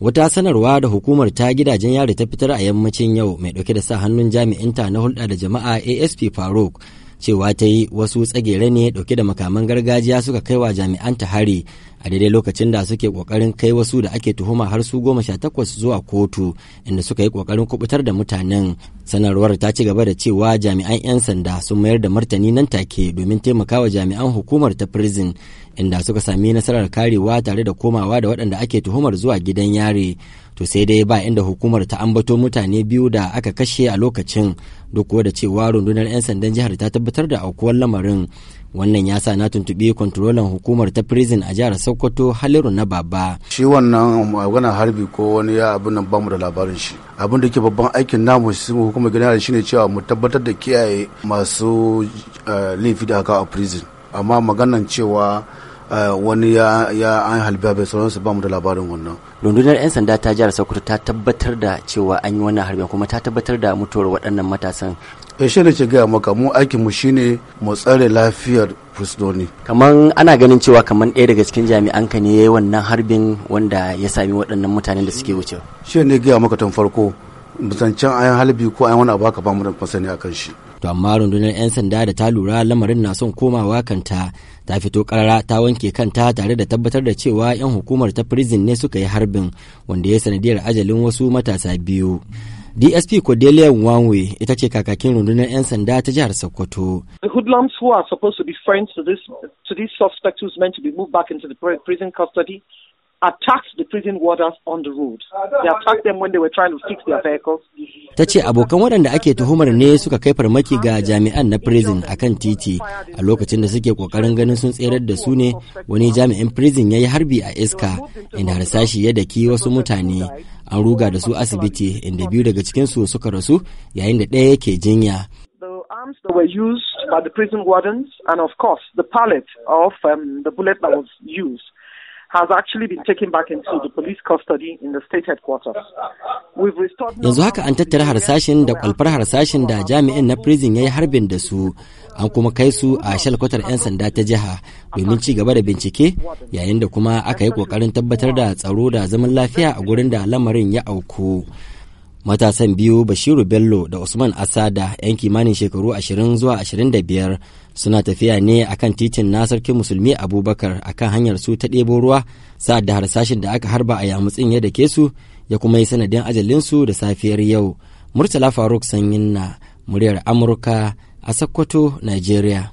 Wata sanarwa da hukumar ta gidajen yari ta fitar a yammacin yau mai dauke da sa hannun jami'inta na hulɗa da jama'a ASP Faruk cewa ta yi wasu tsagere ne ɗauke da makaman gargajiya suka kai wa jami'an ta hari a daidai lokacin da suke kokarin kai wasu da ake tuhuma har su goma sha takwas zuwa kotu inda suka yi kokarin kubutar da mutanen sanarwar ta ci gaba da cewa jami'an 'yan sanda sun mayar da martani nan take domin taimakawa jami'an hukumar ta prison inda suka sami nasarar karewa tare da komawa da waɗanda ake tuhumar zuwa gidan yare to sai dai ba inda hukumar ta ambato mutane biyu da aka kashe a lokacin duk da cewa rundunar 'yan sandan jihar ta tabbatar da aukuwar lamarin wannan ya sa na tuntuɓi kwantarolan hukumar ta prison a jihar sokoto haliru na baba shi wannan magana harbi ko wani ya abin nan bamu da labarin shi abin da ke babban aikin namu mu hukumar gidan shine cewa mu tabbatar da kiyaye masu eh, laifi da haka a prison amma maganan cewa Eh, wani ya ya an halba bai sauransu ba mu da labarin wannan rundunar 'yan sanda ta jihar sokoto ta tabbatar da cewa an yi wannan harbin kuma ta tabbatar da mutuwar waɗannan matasan ya eh, ne ke gaya maka mu aikin mu shine mu tsare lafiyar fursunoni kaman ana ganin cewa kaman ɗaya daga cikin jami'an ka ne yayi wannan harbin wanda ya sami waɗannan mutanen da suke wucewa shi ne gaya maka tun farko zancen ayan halbi ko ayan wani abu haka ba mu da masani akan shi to amma rundunar 'yan sanda da ta lura lamarin na son komawa kanta ta fito karara ta wanke kanta tare da tabbatar da cewa 'yan hukumar ta prison ne suka yi harbin wanda ya sanadiyar ajalin wasu matasa biyu DSP Cordelia Wanwe ita ce kakakin rundunar 'yan sanda ta jihar Sokoto. The hoodlums who are supposed to be friends to this to these suspects who's meant to be moved back into the prison custody attacked the prison warders on the road. They attacked them when they were trying to fix their vehicles. Ta ce abokan waɗanda ake tuhumar ne suka kai farmaki ga jami'an na prison kan titi a lokacin da suke ƙoƙarin ganin sun tserar da su ne wani jami'in prison ya yi harbi a iska inda harsashi ya daki wasu mutane an ruga da su asibiti inda biyu daga cikin su suka rasu yayin da ɗaya yake jinya. the arms that were used by the prison wardens and of the pallet of um, the bullet that was Yanzu haka an tattara harsashin da kwalfar harsashin da jami'in na prison ya yi harbin da su, an kuma kai su a shalkwatar 'yan sanda ta jiha domin ci gaba da bincike yayin da kuma aka yi kokarin tabbatar da tsaro da zaman lafiya a gurin da lamarin ya auku. matasan biyu bashiru bello da usman asada yan kimanin shekaru 20 zuwa 25 suna tafiya ne akan titin na sarki musulmi abubakar akan hanyar su ta ɗebo ruwa sa'ad da harsashin da aka harba a yamutsin ya dake su ya kuma yi sanadin ajalinsu da safiyar yau murtala faruk sanyin na muryar amurka a sokoto nigeria